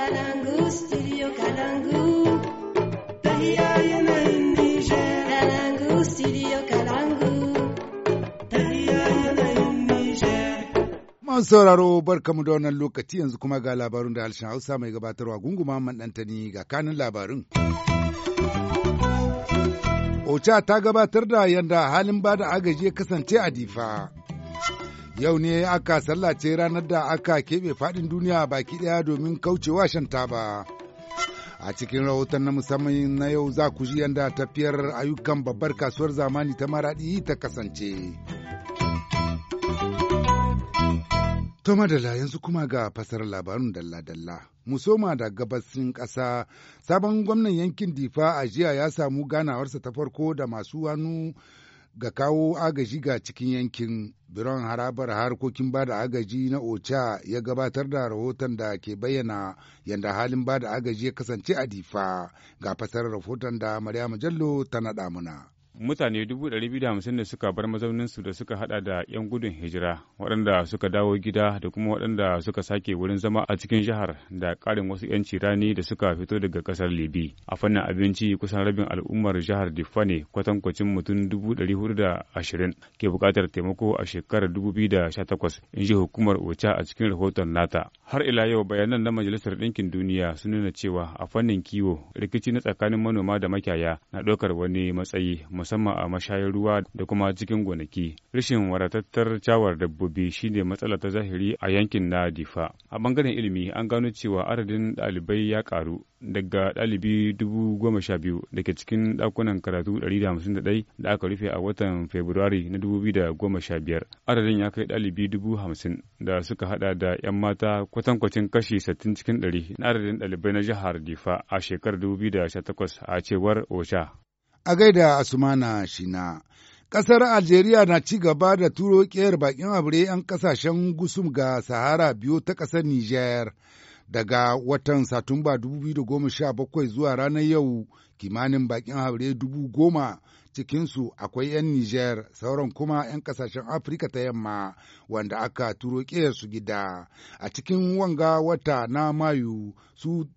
kalangu studio kalangu sauraro barkamu da wannan lokaci yanzu kuma ga labarun da harshen hausa mai gabatarwa gunguma ɗantani ga kanin labarun. Ocha ta gabatar da yadda halin ba da agaji ya kasance a difa. Yau ne aka sallace ranar da aka keɓe faɗin duniya baki ɗaya domin kaucewa shan taba. A cikin rahoton na musamman na yau za ku ji yadda tafiyar ayyukan babbar kasuwar zamani ta maraɗi ta kasance. To madalla yanzu kuma ga fasar labarin dalla-dalla. Musoma da gabasin ƙasa, sabon gwamnan yankin Difa a jiya ya samu ganawarsa ta farko da masu wanu. ga kawo agaji ga cikin yankin biron harabar harkokin bada agaji na ocha ya gabatar da rahoton da ke bayyana yadda halin bada agaji ya kasance a difa ga fasar rahoton da maryam jallo ta naɗa muna. mutane 250 da suka bar mazauninsu da suka hada da 'yan gudun hijira waɗanda suka dawo gida da kuma waɗanda suka sake wurin zama a cikin jihar da ƙarin wasu 'yan cirani da suka fito daga ƙasar libi a fannin abinci kusan rabin al'ummar jihar difane ne kwatankwacin mutum 420 ke buƙatar taimako a shekarar 2018 in ji hukumar ocha a cikin rahoton nata har ila yau bayanan na majalisar ɗinkin duniya su nuna cewa a fannin kiwo rikici na tsakanin manoma da makiyaya na ɗaukar wani matsayi musamman a mashayar ruwa da kuma cikin gonaki. Rashin wadatattar cawar dabbobi shine matsala ta zahiri a yankin na Difa. A bangaren ilimi an gano cewa adadin ɗalibai ya karu daga ɗalibi dubu goma sha biyu da ke cikin ɗakunan karatu ɗari da hamsin da ɗai da aka rufe a watan Fabrairu na dubu biyu da goma sha biyar. Adadin ya kai ɗalibi dubu hamsin da suka haɗa da 'yan mata kwatankwacin kashi sittin cikin ɗari na adadin ɗalibai na jihar Difa a shekarar dubu biyu da sha takwas a cewar OSHA. a gaida Asumana Shina. Ƙasar Algeria na ci gaba da turo ƙiyar bakin abure 'yan ƙasashen gusum ga Sahara biyu ta ƙasar Nijar. Daga watan Satumba 2017 zuwa ranar yau kimanin bakin haure dubu goma cikinsu akwai 'yan Nijar sauran kuma 'yan kasashen Afirka ta yamma wanda aka turo su gida. A cikin wanga wata na Mayu su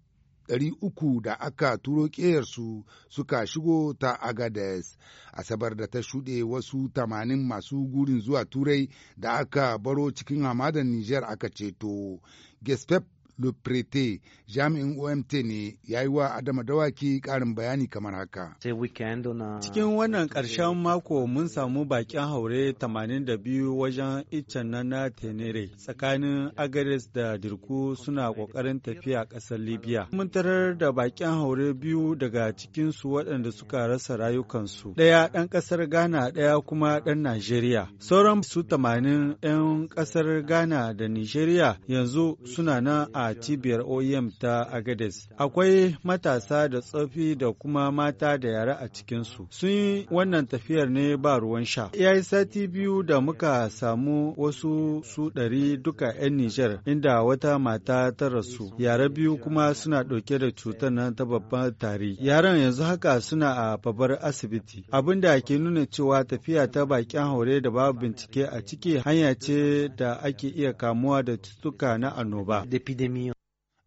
ɗari uku da aka turo ƙeyarsu suka shigo ta agades asabar da ta shuɗe wasu tamanin masu gurin zuwa turai da aka baro cikin hamadan niger aka ceto gespep Luprete jami'in OMT ne ya yi wa Adama Dawaki ƙarin bayani kamar haka. Cikin wannan karshen mako mun samu bakin haure 82 wajen iccen nan na Tenere tsakanin Agares da Dirku suna ƙoƙarin tafiya ƙasar Libya. Mun tarar da bakin haure biyu daga cikinsu waɗanda suka rasa rayukansu. Ɗaya ɗan ƙasar Ghana ɗaya kuma ɗan Najeriya. Sauran su 80 'yan ƙasar Ghana da Nijeriya yanzu suna nan a a cibiyar OEM ta Agades. Akwai matasa da tsofi da kuma mata da yara a cikinsu. Sun yi wannan tafiyar ne ba ruwan sha. Ya yi sati biyu da muka samu wasu su ɗari duka 'yan Nijar inda wata mata ta rasu. Yara biyu kuma suna ɗauke da cutar nan ta babban tari. Yaran yanzu haka suna a babbar asibiti. Abin da ke nuna cewa tafiya ta bakin haure da babu bincike a ciki hanya ce da ake iya kamuwa da cutuka na annoba.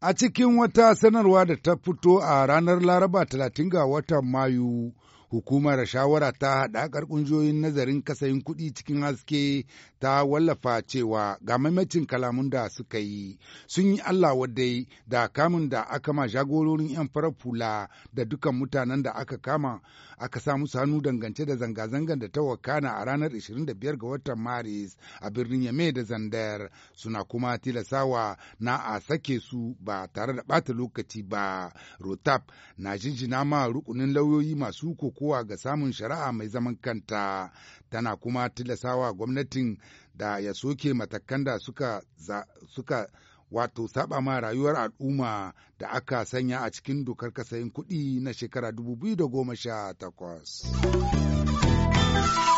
A cikin wata sanarwa da ta fito a ranar Laraba 30 ga watan Mayu, hukumar shawara ta haɗakar ƙungiyoyin nazarin kasayin kuɗi cikin haske ta wallafa cewa ga maimacin kalamun da suka yi sun yi Allah wadai da kamun da aka ma jagororin 'yan farar fula da dukan mutanen da aka kama aka sa musu hannu dangance da zanga-zangar da ta wakana a ranar 25 ga watan Maris a birnin Yame da Zandar suna kuma tilasawa na a sake su ba tare da bata lokaci ba. Rotap na jinjina ma rukunin lauyoyi masu koko kowa ga samun shari'a mai zaman kanta tana kuma tilasawa gwamnatin da ya soke matakan da suka, za, suka wato saba ma rayuwar al'umma da aka sanya a cikin dokar kasayin kuɗi na shekara 2018.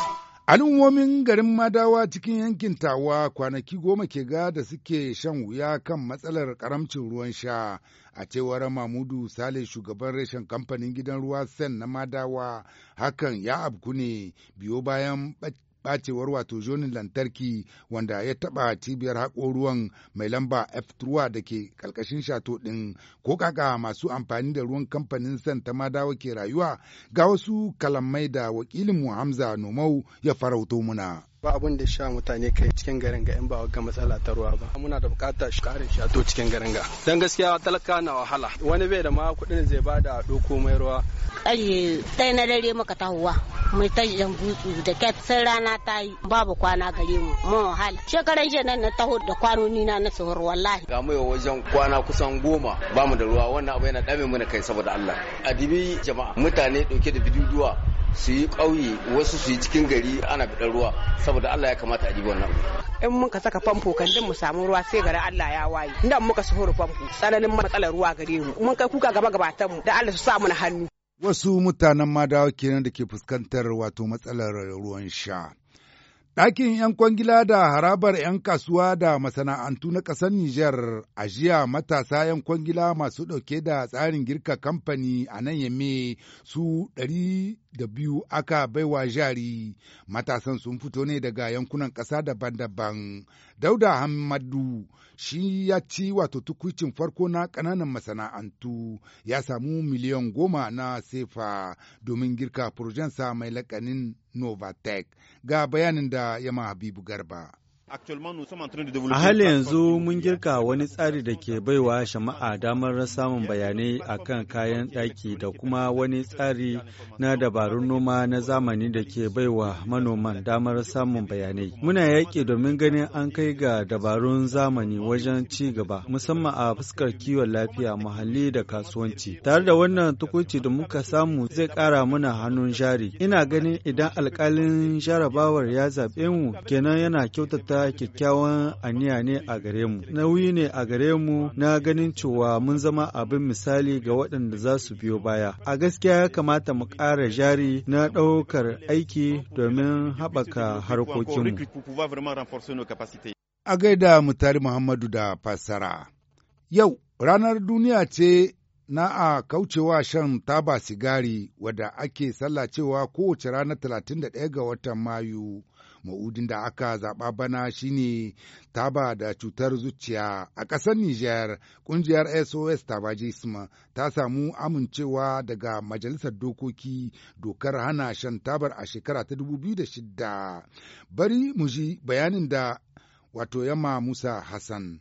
Al'ummomin garin Madawa cikin yankin Tawa kwanaki goma ke ga da suke shan wuya kan matsalar karamcin ruwan sha a cewar Mamudu Sale shugaban reshen kamfanin gidan ruwa Sen na Madawa hakan ya abku ne biyo bayan bacewar wato zonin lantarki wanda ya taɓa cibiyar haƙo ruwan mai lamba f da ke ƙarƙashin shato ɗin ko kaka masu amfani da ruwan kamfanin san ta madawa ke rayuwa ga wasu kalamai da wakilin mu Hamza Nomau ya farauto muna. ba abin da sha mutane kai cikin garin ga in ba ga matsala ta ruwa ba muna da bukata shi karin shato cikin garin ga dan gaskiya talaka na wahala wani bai da ma kudin zai bada doko mai ruwa ƙarye ɗaya na dare muka tahuwa mai ta jan butsu da kyat sai rana ta yi babu kwana gare mu mun wahala shekaran jiya nan na taho da kwanoni na na tsohuwar wallahi ga mu wajen kwana kusan goma ba mu da ruwa wannan abu yana dame mu kai saboda Allah adibi jama'a mutane dauke da bidiyo su yi ƙauye wasu su yi cikin gari ana bidan ruwa saboda Allah ya kamata a ji wannan in muka saka famfo kan mu samu ruwa sai gari Allah ya waye idan muka sufuru famfo tsananin matsalar ruwa gare mu mun kai kuka gaba gabatan mu da Allah su sa mu na hannu wasu mutanen madawa kenan da ke fuskantar wato matsalar ruwan sha Ɗakin 'yan kwangila da harabar 'yan kasuwa da masana'antu na ƙasar Nijar a jiya matasa 'yan kwangila masu ɗauke da tsarin girka kamfani a nan yamme su ɗari da biyu aka baiwa jari matasan sun fito ne daga yankunan ƙasa daban-daban dauda hamadu shi ya ci wato tukucin farko na ƙananan masana'antu ya samu miliyan goma na sefa domin girka sa mai lakanin novatech ga bayanin da yama habibu garba A hali yanzu mun girka wani tsari da ke baiwa shama'a damar samun bayanai a kan kayan ɗaki da kuma wani tsari na dabarun noma na zamani da ke baiwa manoman damar samun bayanai. Muna yaƙi domin ganin an kai ga dabarun zamani wajen ci gaba, musamman a fuskar kiwon lafiya, muhalli da kasuwanci. Tare da wannan tukuci da muka samu zai ƙara mana hannun jari. Ina ganin idan alƙalin jarabawar ya zaɓe mu kenan yana kyautata wata kyakkyawan aniya ne a gare mu. Nauyi ne a gare mu na ganin cewa mun zama abin misali ga waɗanda za su biyo baya. A gaskiya ya kamata mu ƙara jari na ɗaukar aiki domin haɓaka harkokinmu. A gaida Mutari Muhammadu da fassara. Yau ranar duniya ce na a kaucewa shan taba sigari wadda ake sallacewa kowace ranar 31 ga watan Mayu. ma'udin da aka zaɓa bana shine taba da cutar zuciya a ƙasar Nijar ƙungiyar SOS Isma ta samu amincewa daga Majalisar Dokoki dokar hana shan tabar a shekara ta dubu da 2006. Bari mu ji bayanin da wato yamma Musa Hassan.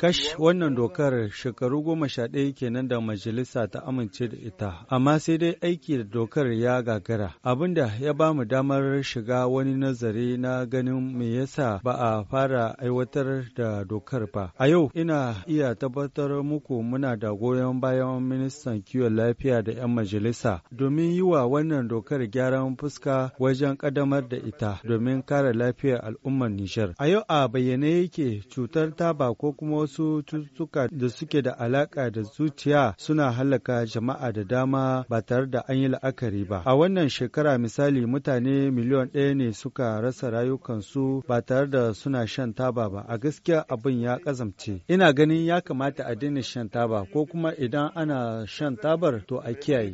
Kash wannan dokar shekaru goma sha ɗaya kenan da majalisa ta amince da ita, amma sai dai aiki da dokar ya gagara. Abinda ya ba mu damar shiga wani nazari na ganin me yasa ba a fara aiwatar da dokar ba. A yau ina iya tabbatar muku muna da goyon bayan ministan kiwon lafiya da 'yan majalisa domin yi wa wannan dokar gyaran fuska wajen ƙaddamar da ita domin kare lafiyar al'ummar Nijar. A yau a bayyane yake cutar ta ba ko kuma wasu cututtuka da suke da alaƙa da zuciya suna halaka jama'a da dama ba tare da an yi la'akari ba. A wannan shekara misali mutane miliyon ɗaya ne suka rasa rayukansu ba tare da suna shan taba ba. A gaskiya abin ya kazamce. Ina ganin ya kamata a daina shan taba ko kuma idan ana shan tabar to a kiyaye.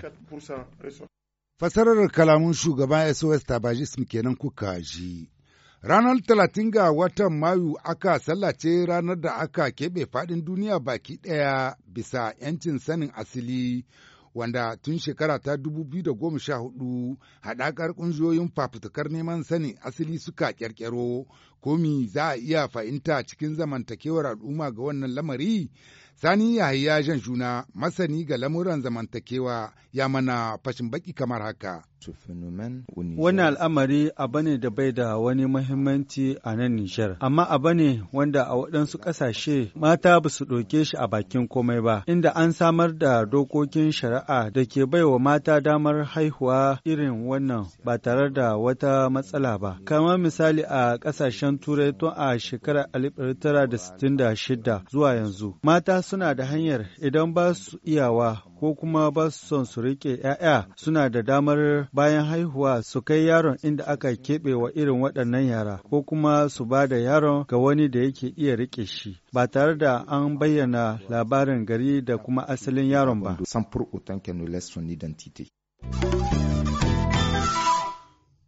Fasarar kalamun shugaban SOS Tabajism kenan kuka ji. Ranar talatin ga watan Mayu aka sallace ranar da aka keɓe faɗin duniya baki ɗaya bisa 'yancin sanin asili wanda tun shekara ta 2014 haɗakar ƙungiyoyin fafutukar neman sanin asili suka ƙirƙiro komi za a iya fahimta cikin zamantakewar al'umma ga wannan lamari Sani Yahaya Jan Juna masani ga lamuran zamantakewa ya mana fashin baki kamar haka. Wani al'amari abu ne da bai da wani mahimmanci a nan Nijar, amma abu ne wanda a waɗansu ƙasashe mata ba su ɗauke shi a bakin komai ba, inda an samar da dokokin shari'a da ke bai wa mata damar haihuwa irin wannan ba tare da wata matsala ba. Kamar misali a ƙasashen Turai tun a shekarar 1966 zuwa yanzu, mata suna da hanyar idan ba su iyawa ko kuma ba su son su riƙe 'ya'ya suna da damar bayan haihuwa su kai yaron inda aka keɓe wa irin waɗannan yara ko kuma su ba da yaron ga wani da yake iya riƙe shi ba tare da an bayyana labarin gari da kuma asalin yaron ba.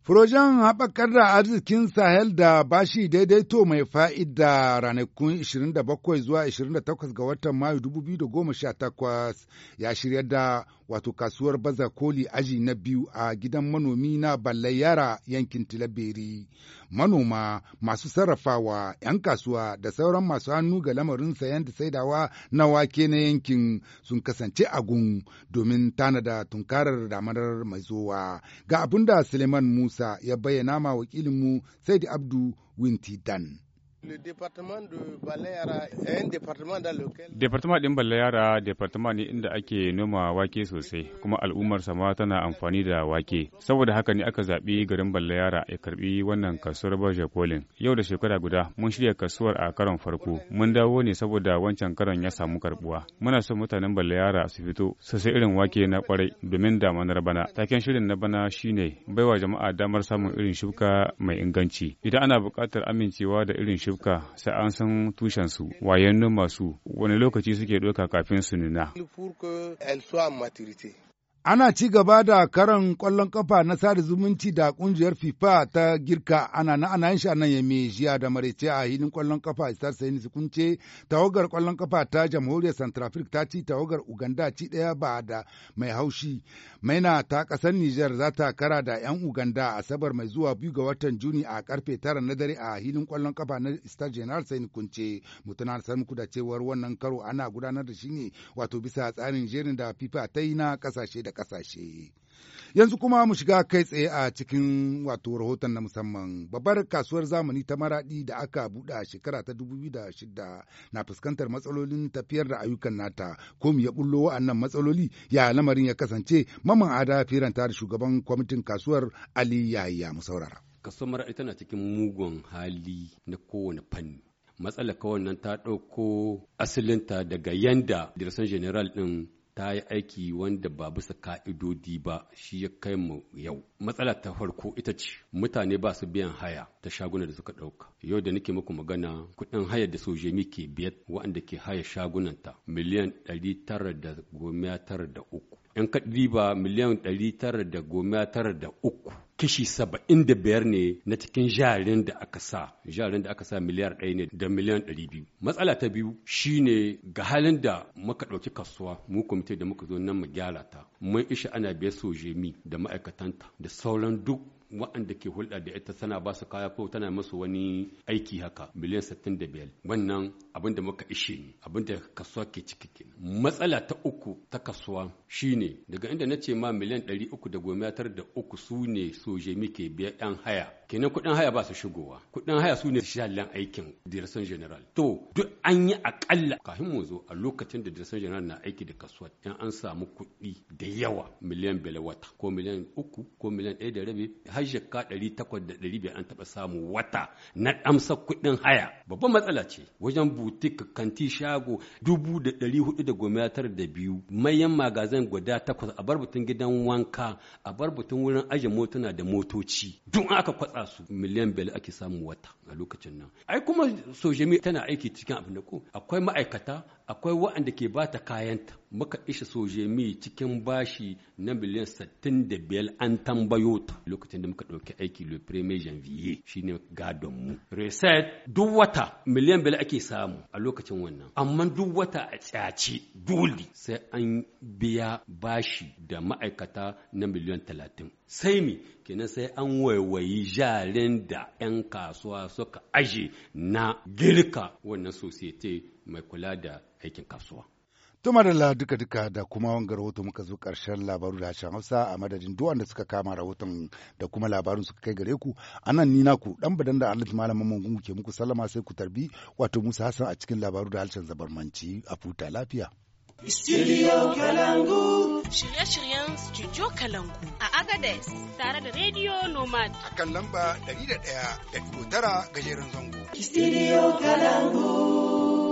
Furojen haɓakar da arzikin Sahel da bashi daidaito mai fa'ida ranakun 27 zuwa 28 ga watan Mayu 2018 ya shirya da wato kasuwar baza koli aji na biyu a gidan manomi na Ballayara yankin Tilaberi. Manoma masu sarrafawa, ‘yan kasuwa da sauran masu hannu ga lamarin sayan da saidawa na wake na yankin sun kasance a gun domin tanada tunkarar damarar mai zowa. Ga abin Suleiman Musa ya bayyana ma wakilinmu Saidi Abdu Winti Departement ɗin Balayara departement ne inda ake noma wake sosai kuma al'ummar sama tana amfani da wake. Saboda haka ne aka zaɓi garin Balayara ya karɓi wannan kasuwar Baje Kolin. Yau da shekara guda mun shirya kasuwar a karon farko. Mun dawo ne saboda wancan karon ya samu karbuwa. Muna son mutanen Balayara su fito su sai irin wake na kwarai domin damanar bana. Taken shirin na bana shine baiwa jama'a damar samun irin shuka mai inganci. Idan ana buƙatar amincewa da irin shuka shifka sai an san tushensu wayan noma su wani lokaci suke ɗauka kafin su nuna. Ana ci gaba da karan ƙwallon ƙafa na sada zumunci da ƙungiyar FIFA ta girka ana na ana shi nan jiya da marece a hilin ƙwallon ƙafa Isar Sayin Sukunce tawagar ƙwallon ƙafa ta Jamhuriyar Africa ta ci tawagar Uganda ci ɗaya ba da mai haushi. Maina ta ƙasar Nijar za ta kara da 'yan Uganda Asabar mai zuwa biyu ga watan Juni a karfe tara na dare a hilin ƙwallon ƙafa na Isar General Sayin Kunce. Mutuna san muku da cewar wannan karo ana gudanar da shi ne wato bisa tsarin jerin da FIFA ta yi na kasashe. da da ƙasashe. Yanzu kuma mu shiga kai tsaye a cikin wato rahoton na musamman babbar kasuwar zamani ta maraɗi da aka buɗe a shekara ta da 2006 na fuskantar matsalolin tafiyar da ayyukan nata ko mu ya bullo wa'annan matsaloli ya lamarin ya kasance maman ada firanta da shugaban kwamitin kasuwar Ali Yahaya mu saurara. Kasuwar maraɗi tana cikin mugun hali na kowane fanni. Matsalar kawai nan ta ɗauko asalinta daga yanda Direction General ɗin ta yi aiki wanda ba bisa ka'idodi ba shi ya kai mu yau matsala ta farko ita ce mutane ba su biyan haya ta shaguna da suka ɗauka yau da nake muku magana kuɗin haya da sojemi ke biyar waɗanda ke haya shagunanta miliyan ɗari tara da goma tara da uku 'yan kadiba miliyan 993 kishi 75 ne na cikin jarin da aka sa jarin da aka sa miliyar ɗaya ne da miliyan biyu. matsala ta biyu shine ga halin da muka ɗauki kasuwa mu kwamitin da muka zo nan mu gyara ta mun isha ana biya sojemi da ma'aikatanta da sauran duk waɗanda ke hulɗa da ita tana ba su kaya ko tana masu wani aiki haka miliyan 65 wannan abin da muka ishe ne abin da kasuwa ke ciki ke matsala ta uku ta kasuwa shine daga inda na ce ma miliyan da uku su ne soje muke biya 'yan haya kenan kudin haya ba su shigowa kudin haya su ne shalan aikin direction general to duk an yi akalla kafin mu zo a lokacin da direction general na aiki da kasuwa in an samu kuɗi da yawa miliyan bele wata ko miliyan uku ko miliyan ɗaya da rabi har shekka ɗari takwas da ɗari biyar an taɓa samu wata na amsa kudin haya babban matsala ce wajen butik kanti shago dubu da ɗari hudu da goma tar da biyu mayan magazin guda takwas a bar gidan wanka a bar wurin ajiye motuna da motoci duk aka kwatsa sa su miliyan biyar ake samu wata a lokacin nan ai kuma sojemi tana aiki cikin abin da ko akwai ma'aikata akwai waɗanda ke ba ta kayanta muka soje mi cikin bashi na miliyan 65 an tambayo ta lokacin da muka ɗauki aiki le premier janvier shine gadon mu reset duk wata miliyan biyar ake samu a lokacin wannan amma duk wata a tsaci dole sai an biya bashi da ma'aikata na miliyan 30 sai mi kenan sai an waiwayi jarin da 'yan kasuwa suka aje na girka wannan societe mai kula da aikin kasuwa. Tuma da duka duka da kuma wanga rahoto muka zo karshen labaru da harshen Hausa a madadin duwan da suka kama rahoton da kuma labarun suka kai gare ku nan nina ku dan badan da Alhaji Malamin Mangungu ke muku sallama sai ku tarbi wato Musa Hassan a cikin labaru da harshen zabarmanci a futa lafiya. Studio Kalangu. Shirye-shiryen Studio Kalangu a Agadez tare da Radio Nomad. A kan lamba 101.9 gajeren zango. Studio Kalangu.